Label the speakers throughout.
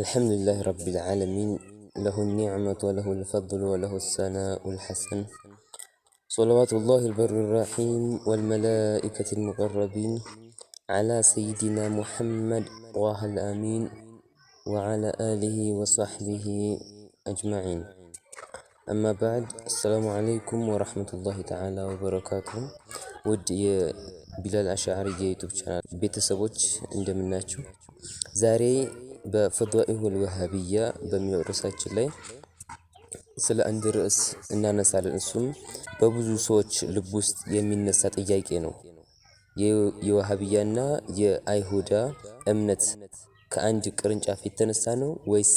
Speaker 1: الحمد لله رب العالمين له النعمة وله الفضل وله الثناء الحسن صلوات الله البر الرحيم والملائكة المقربين على سيدنا محمد وعلى الأمين وعلى آله وصحبه أجمعين أما بعد السلام عليكم ورحمة الله تعالى وبركاته بلال أشعري አሻዕሪ የዩቱብ ቻናል ቤተሰቦች እንደምናችሁ زاري በፈዷኢሁል ወሃቢያ በሚለው ርዕሳችን ላይ ስለ አንድ ርዕስ እናነሳለን። እሱም በብዙ ሰዎች ልብ ውስጥ የሚነሳ ጥያቄ ነው። የወሃቢያና የአይሁዳ እምነት ከአንድ ቅርንጫፍ የተነሳ ነው ወይስ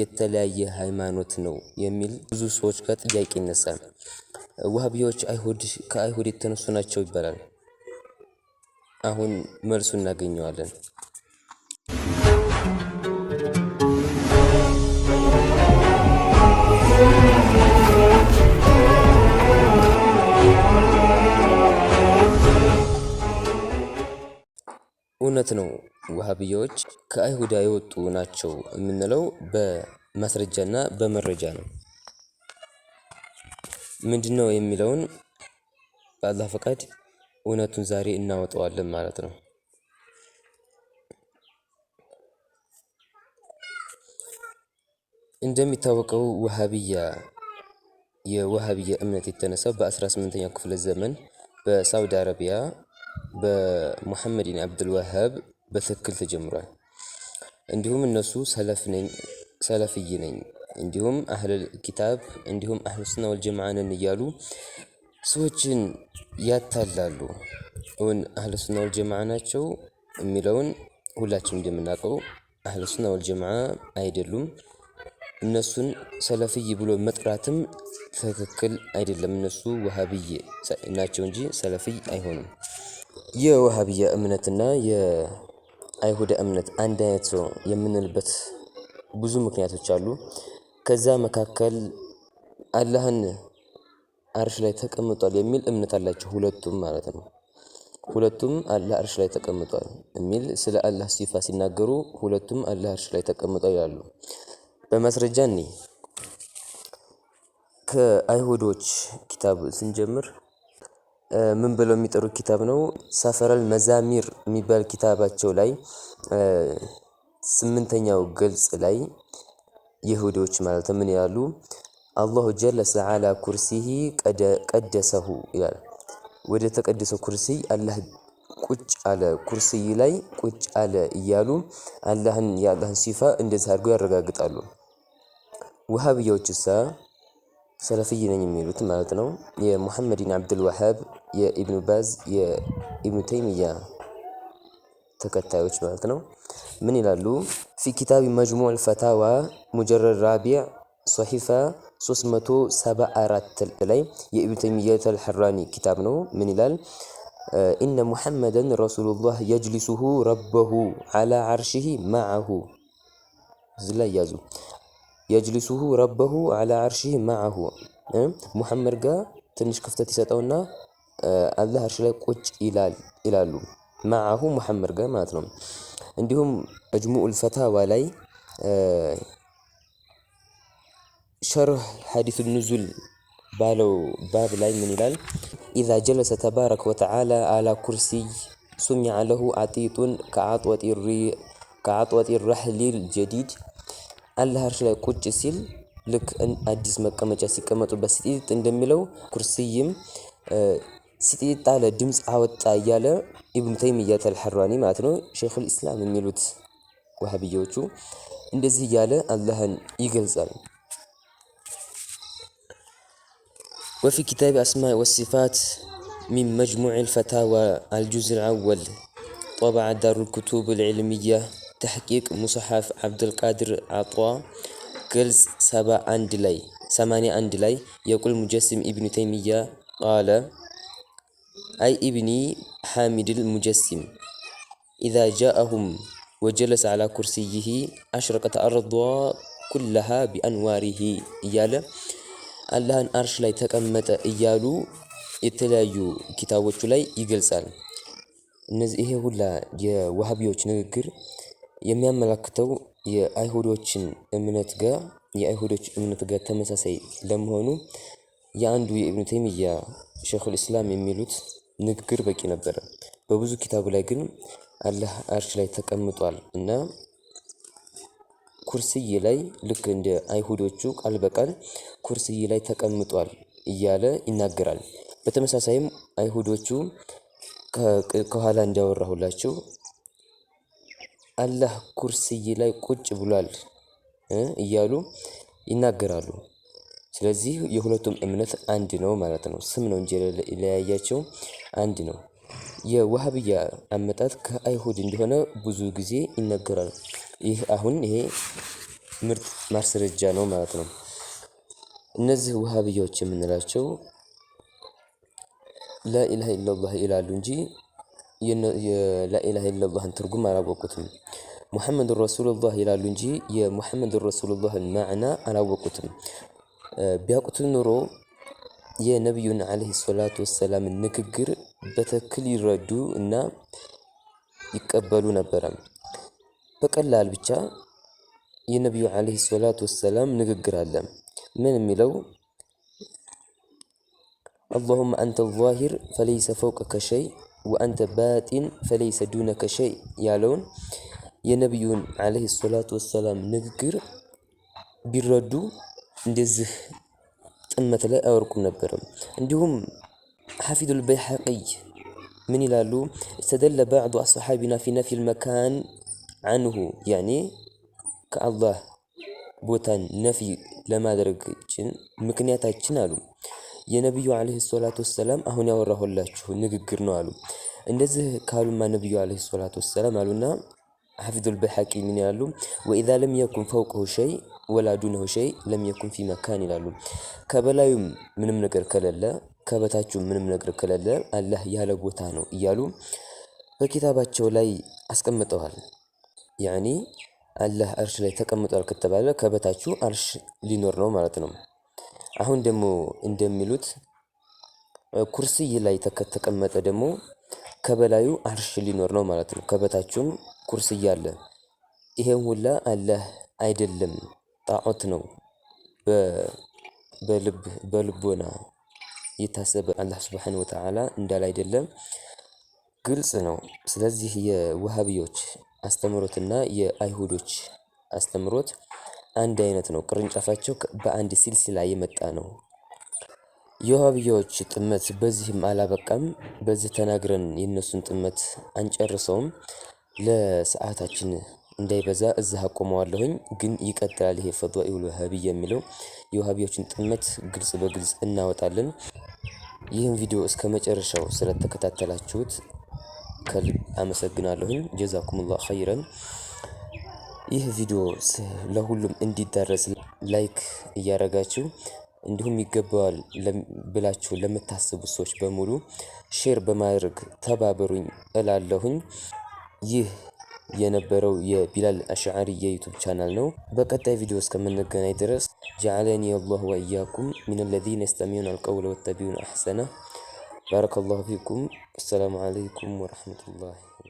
Speaker 1: የተለያየ ሃይማኖት ነው የሚል ብዙ ሰዎች ጋር ጥያቄ ይነሳል። ወሃቢያዎች ከአይሁድ የተነሱ ናቸው ይባላል። አሁን መልሱ እናገኘዋለን። እውነት ነው ውሃብያዎች ከአይሁዳ የወጡ ናቸው የምንለው በማስረጃና በመረጃ ነው። ምንድን ነው የሚለውን በአላህ ፈቃድ እውነቱን ዛሬ እናወጣዋለን ማለት ነው። እንደሚታወቀው ወሃብያ የወሃብያ እምነት የተነሳው በ18ኛው ክፍለ ዘመን በሳውዲ አረቢያ በሙሐመድ ኢብን አብዱልዋሃብ በትክክል ተጀምሯል። እንዲሁም እነሱ ሰለፍ ነኝ ሰለፍይ ነኝ እንዲሁም አህለል ኪታብ እንዲሁም አህል ሱና ወል ወልጀማዓ ነን እያሉ ሰዎችን ያታላሉ። እውን ወል ወልጀማዓ ናቸው የሚለውን ሁላችንም እንደምናውቀው ወል ጀማዓ አይደሉም። እነሱን ሰለፍይ ብሎ መጥራትም ትክክል አይደለም። እነሱ ወሃብይ ናቸው እንጂ ሰለፍይ አይሆኑም። የወሃብያ እምነትና የአይሁድ እምነት አንድ አይነት ነው የምንልበት ብዙ ምክንያቶች አሉ። ከዛ መካከል አላህን አርሽ ላይ ተቀምጧል የሚል እምነት አላቸው ሁለቱም ማለት ነው። ሁለቱም አላህ አርሽ ላይ ተቀምጧል የሚል ስለ አላህ ሲፋ ሲናገሩ ሁለቱም አላህ አርሽ ላይ ተቀምጧል ይላሉ። በማስረጃ እኔ ከአይሁዶች ኪታብ ስንጀምር ምን ብለው የሚጠሩ ኪታብ ነው። ሰፈረል መዛሚር የሚባል ኪታባቸው ላይ ስምንተኛው ገልጽ ላይ ይሁዶች ማለት ምን ይላሉ? አላሁ ጀለሰ አላ ኩርሲሂ ቀደሰሁ ይላል። ወደ ተቀደሰው ኩርሲይ አላህ ቁጭ አለ፣ ኩርሲይ ላይ ቁጭ አለ እያሉ አላህን የአላህን ሲፋ እንደዚህ አድርገው ያረጋግጣሉ። ውሃብያዎችሳ ሰለፍይ ነኝ የሚሉት ማለት ነው የሙሐመድን አብድልዋሃብ የኢብኑ ባዝ የኢብኑ ተይሚያ ተከታዮች ማለት ነው። ምን ይላሉ? ፊ ኪታብ መጅሙዕ አልፈታዋ ሙጀረድ ራቢዕ ሶሒፋ 374 ላይ የኢብኑ ተይሚያ አልሐራኒ ኪታብ ነው። ምን ይላል? ኢነ ሙሐመደን ረሱሉላህ የጅሊሱሁ ረበሁ ዓላ ዓርሺሂ መዐሁ እዚህ ላይ ያዙ የጅሊሱሁ ረበሁ ዓላ ዓርሺሂ መዐሁ ሙሐመድ ጋ ትንሽ ክፍተት ይሰጠውና አላህ አርሽ ላይ ቁጭ ይላሉ ማዓሁ ሙሐመድ ጋር ማለት ነው። እንዲሁም መጅሙዑል ፈታዋ ላይ ሸርህ ሐዲሱ ኑዙል ባለው ባብ ላይ ምን ይላል? ኢዛ ጀለሰ ተባረከ ወተዓላ አላ ኩርሲይ ሱሚዐ ለሁ አጢጡን ከአጥወጢ ረሕሊል ጀዲድ አላህ አርሽ ላይ ቁጭ ሲል ልክ አዲስ መቀመጫ ሲቀመጡበት ሲጢጥ እንደሚለው ኩርሲይም ሲጢጥ አለ ድምፅ አወጣ እያለ ኢብኑ ተይሚያት አልሐራኒ ማለት ነው ሼኹል ኢስላም የሚሉት ዋሃብያዎቹ እንደዚህ እያለ አላህን ይገልጻል። ወፊ ኪታብ አስማኢ ወሲፋት ሚን መጅሙዕ ልፈታዋ አልጁዝ ልአወል طبع دار الكتب العلمية ተሕቂቅ ሙሰሐፍ ዓብዱልቃድር አጧ ገልጽ 71 ላይ 81 ላይ የቁል ሙጀስም ኢብኑ ተይሚያ ቃለ أي ابن حامد المجسم إذا جاءهم ወጀለሰ አላ ኩርሲይህ አሽረቀት አርዷ ኩለሃ ቢአንዋሪሂ እያለ አላህን አርሽ ላይ ተቀመጠ እያሉ የተለያዩ ኪታቦቹ ላይ ይገልጻል። እነዚህ ይሄ ሁላ የዋሃቢዎች ንግግር የሚያመላክተው የአይሁዶችን እምነት ጋር የአይሁዶች እምነት ጋር ተመሳሳይ ለመሆኑ የአንዱ የኢብኑ ተይሚያ ሸይኹል ኢስላም የሚሉት ንግግር በቂ ነበረ። በብዙ ኪታቡ ላይ ግን አላህ አርሽ ላይ ተቀምጧል እና ኩርስይ ላይ ልክ እንደ አይሁዶቹ ቃል በቃል ኩርስይ ላይ ተቀምጧል እያለ ይናገራል። በተመሳሳይም አይሁዶቹ ከኋላ እንዳወራሁላችሁ አላህ ኩርስይ ላይ ቁጭ ብሏል እያሉ ይናገራሉ። ስለዚህ የሁለቱም እምነት አንድ ነው ማለት ነው። ስም ነው እንጂ ለያያቸው አንድ ነው። የዋሃብያ አመጣት ከአይሁድ እንደሆነ ብዙ ጊዜ ይነገራል። ይህ አሁን ይሄ ምርጥ ማስረጃ ነው ማለት ነው። እነዚህ ውሃብያዎች የምንላቸው ላኢላሃ ኢለላህ ይላሉ እንጂ ላኢላሃ ኢለላህን ትርጉም አላወቁትም። ሙሐመድ ረሱሉላህ ይላሉ እንጂ የሙሐመድ ረሱሉላህን ማዕና አላወቁትም። ቢያውቁት ኑሮ የነቢዩን ዓለይሂ ሰላቱ ወሰላምን ንግግር በትክክል ይረዱ እና ይቀበሉ ነበረ። በቀላል ብቻ የነቢዩ ዓለይሂ ሰላቱ ወሰላም ንግግር አለ። ምን የሚለው? አላሁመ አንተ ዛሂር ፈለይሰ ፈውቀከ ሸይ ወአንተ ባጢን ፈለይሰ ዱነከ ሸይ ያለውን የነቢዩን ዓለይሂ ሰላቱ ወሰላም ንግግር ቢረዱ እንደዚህ ጥመት ላይ አያወርቁም ነበርም። እንዲሁም ሐፊዙል በይሐቂይ ምን ይላሉ? እስተደለ ባዕዱ አሰሓቢና ፊ ነፊል መካን አንሁ ያኔ ከአላህ ቦታን ነፊ ለማድረግችን ምክንያታችን አሉ የነቢዩ ዓለይሂ ሰላቱ ወሰላም አሁን ያወራሁላችሁ ንግግር ነው አሉ። እንደዚህ ካሉማ ነቢዩ ዓለይሂ ሰላቱ ወሰላም አሉና ሐፊዙል በይሐቂ ምን ያሉ ወኢዛ ለም የኩን ፈውቅሁ ሸይ ወላዱነሁ ሸይ ለም ፊ መካን ይላሉ። ከበላዩም ምንም ነገር ከሌለ፣ ከበታችሁም ምንም ነገር ከሌለ አላህ ያለ ቦታ ነው እያሉ በኪታባቸው ላይ አስቀምጠዋል። ያኒ አላህ አርሽ ላይ ተቀምጧል ከተባለ ከበታችሁ አርሽ ሊኖር ነው ማለት ነው። አሁን ደግሞ እንደሚሉት ኩርስይ ላይ ተቀመጠ ደግሞ ከበላዩ አርሽ ሊኖር ነው ማለት ነው። ከበታችሁም ኩርስይ አለ። ይሄም ሁላ አላህ አይደለም ጣዖት ነው። በልብ በልቦና የታሰበ አላህ ስብሓን ወተዓላ እንዳል አይደለም ግልጽ ነው። ስለዚህ የወሃቢዎች አስተምሮትና የአይሁዶች አስተምሮት አንድ አይነት ነው። ቅርንጫፋቸው በአንድ ሲልሲላ የመጣ ነው። የውሃብዎች ጥመት በዚህም አላበቃም። በዚህ ተናግረን የእነሱን ጥመት አንጨርሰውም። ለሰዓታችን እንዳይበዛ እዛ አቆመዋለሁኝ። ግን ይቀጥላል። ይሄ ፈዷኢል ወሃቢ የሚለው የወሃቢዎችን ጥመት ግልጽ በግልጽ እናወጣለን። ይህን ቪዲዮ እስከ መጨረሻው ስለተከታተላችሁት ከልብ አመሰግናለሁኝ። ጀዛኩሙላህ ኸይረን። ይህ ቪዲዮ ለሁሉም እንዲዳረስ ላይክ እያደረጋችሁ እንዲሁም ይገባዋል ብላችሁ ለምታስቡ ሰዎች በሙሉ ሼር በማድረግ ተባበሩኝ እላለሁኝ። ይህ የነበረው የቢላል አሽዓሪ የዩቱብ ቻናል ነው። በቀጣይ ቪዲዮ እስከምንገናኝ ድረስ ጀዓለኒ አላህ ወኢያኩም ሚን አለዚነ የስተሚዑነ አልቀውለ ወተቢዑነ አሕሰነ ባረከ ላሁ ፊኩም። አሰላሙ አለይኩም ወረሕመቱላሂ